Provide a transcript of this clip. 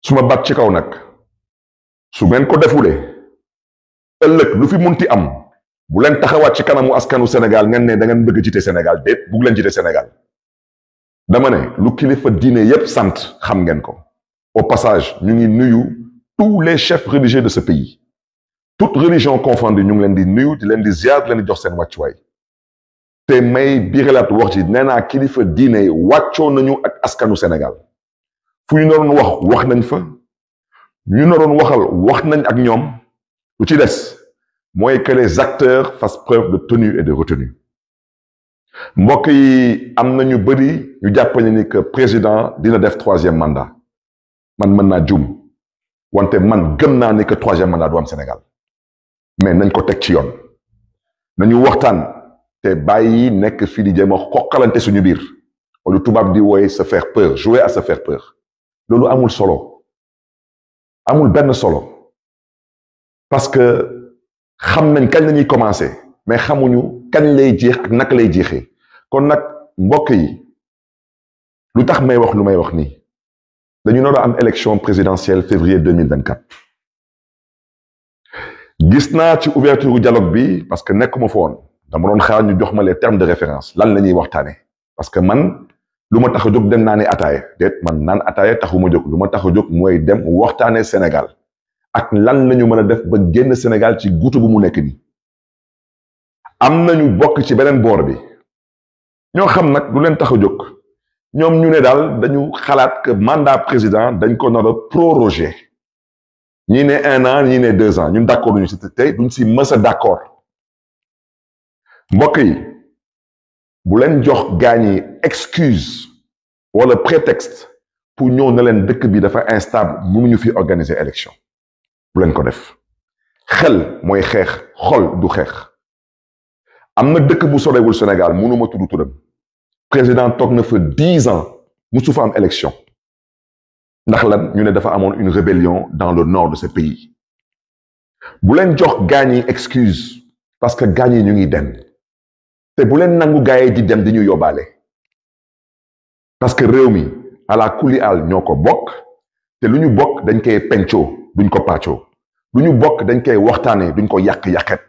suma baat ci kaw nag su ngeen ko defulee ëllëg lu fi mun ti am bu leen taxawaat ci kanamu askanu Sénégal ngeen ne dangeen ngeen bëgg jiite Sénégal déet bugg leen jiite Sénégal dama ne lu kilifa diine yépp sant xam ngeen ko au passage ñu ngi nuyu tous les chefs religieux de ce pays toute religion confondue ñu ngi leen di nuyu di leen di ziar leen jox seen wàccuwaay te may biiralaat wax ci nee naa kilifa diine wàccoo nañu ak askanu Sénégal fu ñu wax wax nañ fa ñu naroon waxal wax nañ ak ñoom ci des mooy que les acteurs fassent preuve de tenue et de retenue mbokk yi am na ñu bëri ñu jàpp ni que président dina def troisième mandat man mën naa wante man gëm ni que troisième mandat du am Sénégal mais nañ ko teg ci yoon nañu waxtaan te bàyyi nekk fii di jéem a xoqalante suñu biir wala tubaab di wooye se faire peur jouer à se faire peur lolu amul solo amul ben solo parce que xam nañ kañ la ñuy commencer mais xamuñu kañ lay jeex ak nak lay jeexee kon nak mbokk yi lu tax may wax lu may wax ni dañu nar a am élection présidentielle février 2024 gis naa ci ouverture dialogue bi parce que nekkuma foon dama doon xaar ñu jox ma les termes de référence lan lañuy ñuy waxtaane parce que man lu ma tax a jóg dem naa ne ataaye déet man naan ataaye taxu ma jóg lu ma tax a jóg mooy dem waxtaanee Sénégal ak lan lañu mën a def ba génn Sénégal ci guutu bi mu nekk nii am nañu bokk ci beneen boor bi ñoo xam nag lu leen tax a jóg ñoom ñu ne daal dañu xalaat que mandat président dañ ko nar a proroger ñi ne un an ñi ne deux ans ñun d'accord ñu si tey duñ si mës a d'accord mbokk yi. bu leen jox gaañ yi excuse wala prétexte pour nous na leen dëkk bi dafa instable nous fi organiser élection bu leen ko def xel mooy xeex xol du xeex de na dëkk bu sorewul Sénégal m'a tudd turam président Tok neuf fa dix ans musu fa am élection ndax lan ñu ne dafa une rébellion dans le nord de ce pays bu leen jox excuse parce que gaañ yi ñu ngi te bu leen nangu gaay yi di dem di ñu yóbbaale parce que réew mi ala kuli al ñoo ko bokk te lu ñu bokk dañ koy pencoo duñ ko pàccoo lu ñu bokk dañ koy waxtaanee duñ ko yàq-yàqet